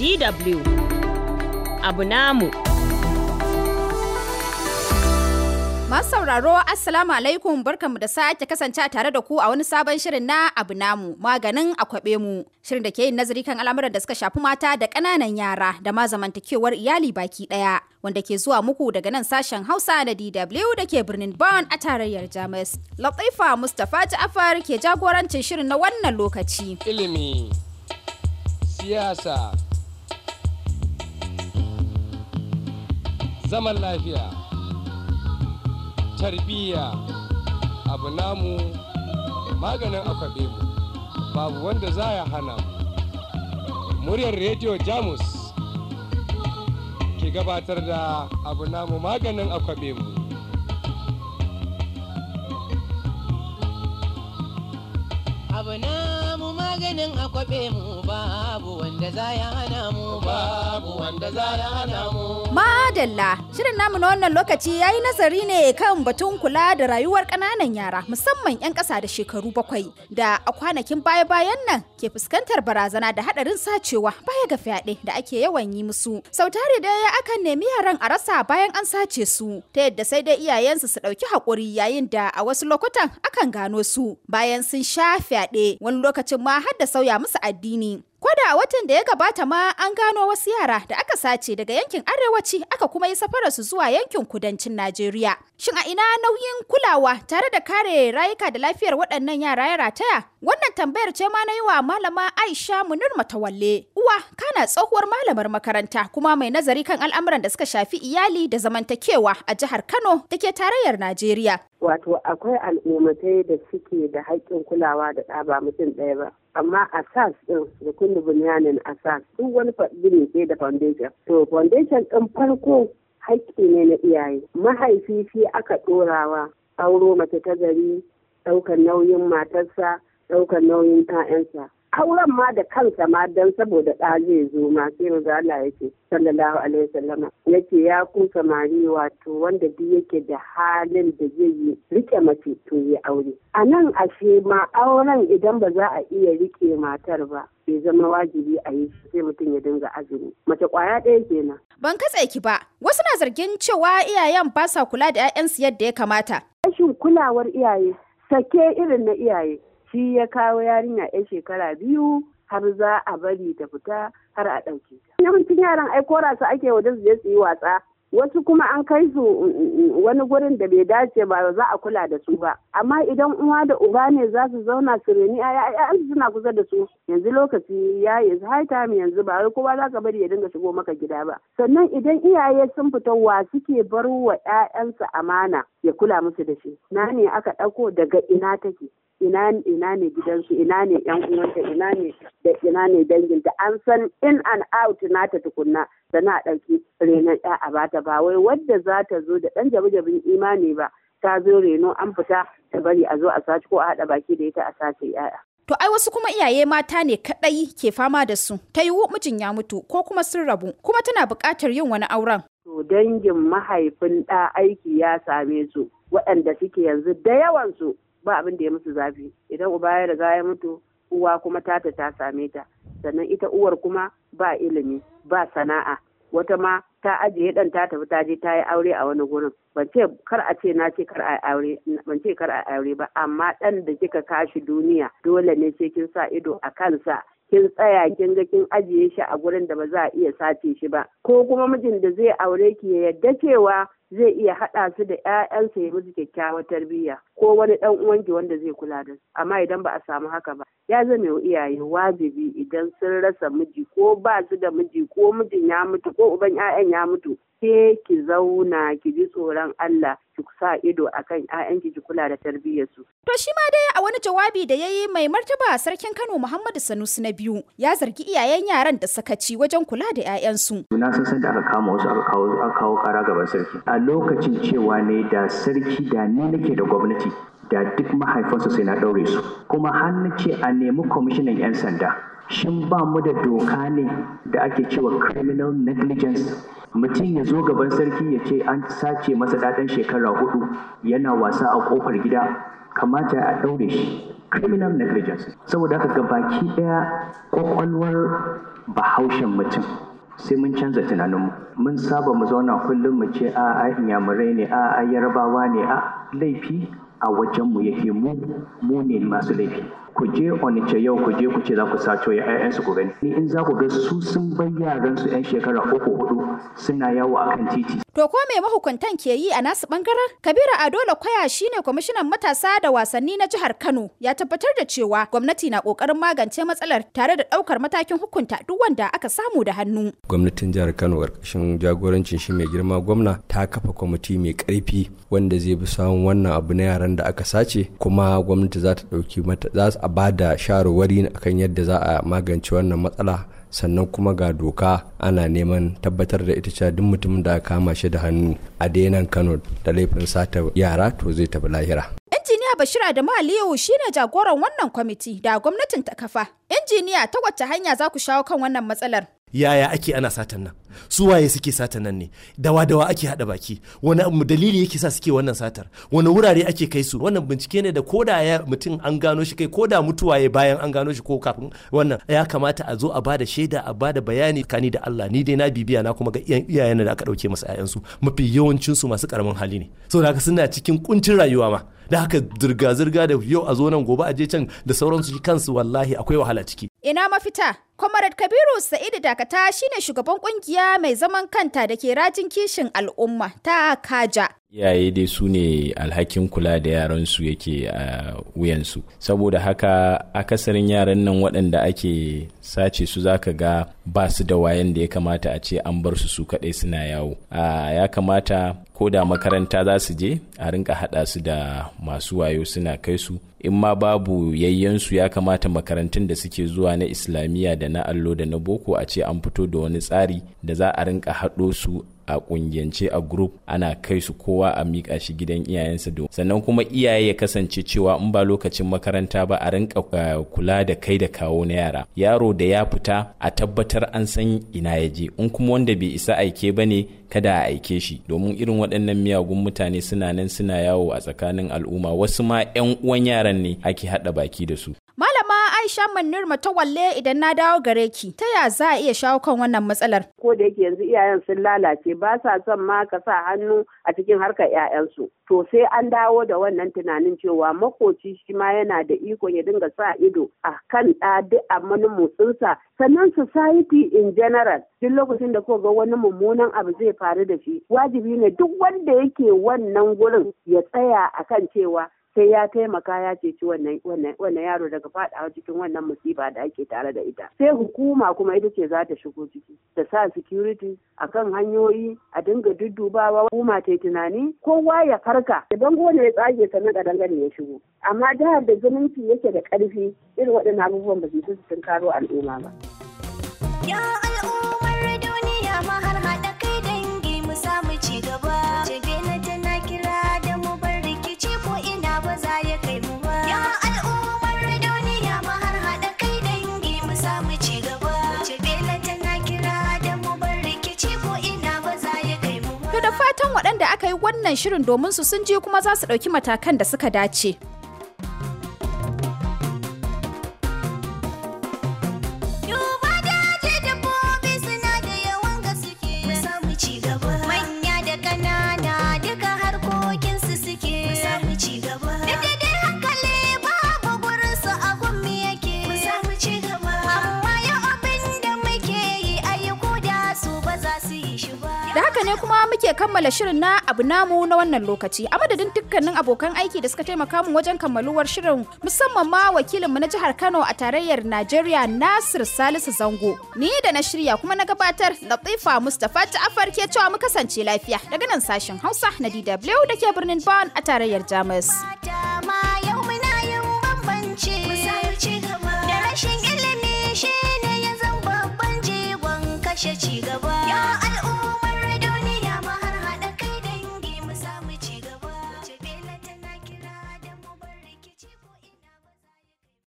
DW abu namu. Masu sauraro Assalamu alaikum barkanmu da sake kasance tare da ku a wani sabon shirin na abu namu maganin akwabe mu shirin da ke yin nazari kan al'amuran da suka shafi mata da ƙananan yara da ma zamantakewar iyali baki ɗaya wanda ke zuwa muku daga nan sashen Hausa da DW da ke birnin Bonn a tarayyar Jamus. Latifa Mustapha Ja'afar ke jagorancin shirin na wannan lokaci. Ilimi, siyasa, zaman lafiya tarbiyya abu namu maganin akwabe mu babu wanda za ya hana mu muryar rediyo jamus ke gabatar da abu namu maganin akwabe mu abu namu Ganin a mu babu wanda za ya hana mu babu wanda za ya hana mu. Madalla shirin namu na wannan lokaci yayi nazari ne kan batun kula da rayuwar kananan yara musamman 'yan kasa da shekaru bakwai da a kwanakin baya-bayan nan ke fuskantar barazana da hadarin sacewa baya ga fyaɗe da ake yawan yi musu. da ya akan nemi yaran a rasa bayan an sace su ta yadda sai dai iyayensu su ɗauki haƙuri yayin da a wasu lokutan akan gano su bayan sun sha fyaɗe wani lokacin ma har da sauya musu addini. Kwada a watan da ya gabata ma an gano wasu yara da aka sace daga yankin arewaci aka kuma yi safararsu zuwa yankin kudancin Najeriya. Shin a ina nauyin kulawa tare da kare rayuka da lafiyar waɗannan yara ya rataya? Wannan tambayar ce ma na yi wa malama Aisha Munir Matawalle. Uwa kana tsohuwar malamar makaranta kuma mai nazari kan al'amuran da suka shafi iyali da zamantakewa a jihar Kano da ke tarayyar Najeriya. Wato akwai al'ummatai da suke da haƙƙin kulawa da ɗa ba mutum ɗaya ba. amma asas din da kullu bunyanin asas duk wani gini sai da foundation to foundation ɗin farko haƙƙi ne na iyaye mahaifi shi aka ɗorawa auro mace ta gari ɗaukar nauyin matarsa ɗaukar nauyin 'ya'yansa auren ma da kansa ma dan saboda ɗa zai zo ma sai maza Allah yake sallallahu alaihi wasallama yake ya ku samari wato wanda duk yake da halin da zai yi rike mace to ya aure a nan ashe ma auren idan ba za a iya rike matar ba bai zama wajibi a yi sai mutum ya dinga azumi mace kwaya ɗaya kenan ban katse ki ba wasu na zargin cewa iyayen ba sa kula da 'ya'yansu yadda ya kamata rashin kulawar iyaye sake irin na iyaye shi ya kawo yarinya 'yan shekara biyu har za a bari ta fita har a ɗauke ta. Yawancin yaran ai kora su ake waje su je su yi wasa. Wasu kuma an kai su mm, mm, mm, wani gurin da bai dace ba za a kula da su ba. Amma idan uwa da uba ne za su zauna su reni ‘ya'yan suna kusa da su. Yanzu lokaci ya yi high time yanzu ba wai kowa za ka bari ya dinga shigo maka gida ba. Sannan idan iyaye sun fita wa suke bar wa ‘ya'yansu amana ya kula musu da shi. Na ne aka ɗauko daga ina take. ina ina ne gidansu ina ne yan uwanta ina ne da ina ne danginta an san in and out nata tukunna da na ɗauki renon ya a bata ba wai wadda za ta zo da ɗan jabi-jabin imani ba ta zo reno an fita ta bari a zo a sace ko a haɗa baki da ita a sace yaya. To ai wasu kuma iyaye mata ne kaɗai ke fama da su ta yiwu mijin ya mutu ko kuma sun rabu kuma tana buƙatar yin wani auren. To dangin mahaifin ɗa aiki ya same su waɗanda suke yanzu da yawan su ba abin da ya musu zafi idan uba ya riga ya mutu uwa kuma tata ta same ta sannan ita uwar kuma ba ilimi ba sana'a wata ma ta ajiye dan ta tafi ta je ta yi aure a wani gurin ban ce kar a ce na ce kar a aure ban ce kar a aure ba amma dan da kika kashi duniya dole ne ce kin sa ido a kansa kin tsaya kin ga kin ajiye shi a gurin da ba za a iya sace shi ba ko kuma mijin da zai aure ki ya yadda cewa zai iya haɗa su da 'ya'yansa ya musu kyakkyawar tarbiyya ko wani ɗan uwanki wanda zai kula da su amma idan ba a samu haka ba ya zame wa iyaye wajibi idan sun rasa miji ko ba su da miji ko mijin ya mutu ko uban 'ya'yan ya mutu ke ki zauna ki ji tsoron Allah ki sa ido akan 'ya'yanki ki kula da tarbiyyarsu. To shi ma dai a wani jawabi da ya yi mai martaba sarkin Kano Muhammadu Sanusi na biyu ya zargi iyayen yaran da sakaci wajen kula da 'ya'yansu. Na san da aka kama wasu aka kawo kara gaban sarki. A lokacin cewa ne da sarki da ni nake da gwamnati da duk mahaifinsa sai na ɗaure su kuma hannu ce a nemi kwamishinan 'yan sanda shin ba mu da doka ne da ake cewa criminal negligence mutum ya zo gaban sarki ya ce an sace masa ɗaɗan shekara hudu yana wasa a ƙofar gida kamata a ɗaure shi criminal negligence saboda haka ga baki ɗaya ƙwaƙwalwar bahaushen mutum sai mun canza tunaninmu mun saba mu zauna kullum mu ce a a inyamurai ne a'a a yarbawa ne a laifi a wajenmu yake mu mu ne masu laifi ku je onice yau ku je ku ce za ku sace ya su ku gani ni in za ku ga su sun bar yaran su 'yan shekara uku hudu suna yawo akan titi to ko mai mahukuntan ke yi a nasu bangaren kabiru adola kwaya shi ne kwamishinan matasa da wasanni na jihar kano ya tabbatar da cewa gwamnati na kokarin magance matsalar tare da daukar matakin hukunta duk wanda aka samu da hannu gwamnatin jihar kano karkashin jagorancin shi mai girma gwamna ta kafa kwamiti mai karfi wanda zai bi samun wannan abu na yaran wuraren da aka sace kuma gwamnati za ta ɗauki za a ba da shawarwari akan yadda za a magance wannan matsala sannan kuma ga doka ana neman tabbatar da ita cewa duk mutumin da aka kama shi da hannu a denan kano da laifin sata yara to zai tafi lahira injiniya bashira adamu aliyu shine jagoran wannan kwamiti da gwamnatin ta kafa injiniya ta wacce hanya za ku shawo kan wannan matsalar yaya ake ana satan nan su waye suke satan nan ne dawa dawa ake hada baki wani abu dalili yake sa suke wannan satar wani wurare ake kai su wannan bincike ne da koda ya mutum an gano shi kai koda mutuwa ya bayan an gano shi ko kafin wannan ya kamata a zo a bada shaida a bada bayani kani da Allah ni dai na bibiya na kuma ga iyayen da aka dauke masa ayansu mafi yawancin su masu karamin hali ne saboda haka suna cikin kuncin rayuwa ma da haka zirga-zirga da yau a zo nan gobe a je can da sauransu kansu wallahi akwai wahala ciki ina mafita Comrade Kabiru Sa'idu Dakata shine shugaban kungiya mai zaman kanta da ke rajin kishin al'umma ta Kaja iyaye dai su ne alhakin kula da yaransu yake a wuyansu saboda haka akasarin yaran nan waɗanda ake sace su zaka ga ba su da wayan da ya kamata a ce an bar su su kaɗai suna yawo ya kamata ko da makaranta za su je a rinka haɗa su da masu wayo suna kai su in ma babu yayyansu ya kamata makarantun da suke zuwa na islamiyya da na allo da na boko a ce an fito da wani tsari da za a rinka haɗo su a kungiyance a group ana kai su kowa a miƙa shi gidan iyayensa domin sannan kuma iyaye ya kasance cewa in ba lokacin makaranta ba a rinka eh, kula da kai da kawo na yara yaro da ya fita a tabbatar an san ina ya je in kuma wanda bai isa aike ba ne kada a aike shi domin irin waɗannan miyagun mutane suna nan suna yawo a tsakanin al'umma wasu ma 'yan uwan yaran ne ake haɗa baki da su Malama Aisha Manir Matawalle idan na dawo gare ki, ta ya za a iya shawo kan wannan matsalar? Ko da yake yanzu iyayen sun lalace ba sa son ma ka sa hannu a cikin harkar 'ya'yansu to sai an dawo da wannan tunanin cewa makoci shi ma yana da iko ya dinga sa ido a kan ɗa duk a motsinsa sannan society in general duk lokacin da ga wani mummunan abu zai faru da shi wajibi ne duk wanda yake wannan gurin ya tsaya a kan cewa sai ya taimaka ya ceci wannan yaro daga faɗawa cikin wannan musiba da ake tare da ita sai hukuma kuma ita ce za ta shigo ciki ta sa security kan hanyoyi a dinga duddubawa hukuma ta tunani kowa ya farka idan gona ya tsage sannan na dangane ya shigo amma jihar da zumunci yake da karfi irin waɗannan abubuwan ba su sun karo al'umma ba. Ya al'ummar duniya ma har haɗa kai dangi mu samu ci gaba. to da fatan waɗanda aka yi wannan shirin domin su sun je kuma za su ɗauki matakan da suka dace muke kammala shirin na abu namu na wannan lokaci. A madadin dukkanin abokan aiki da suka taimaka mu wajen kammaluwar shirin musamman ma wakilinmu na jihar Kano a tarayyar Najeriya Nasir Salisu Zango. Ni da na shirya kuma na gabatar Latifa Mustapha Ja'afar ke cewa mu kasance lafiya daga nan sashen Hausa na DW da ke birnin Bonn a tarayyar Jamus.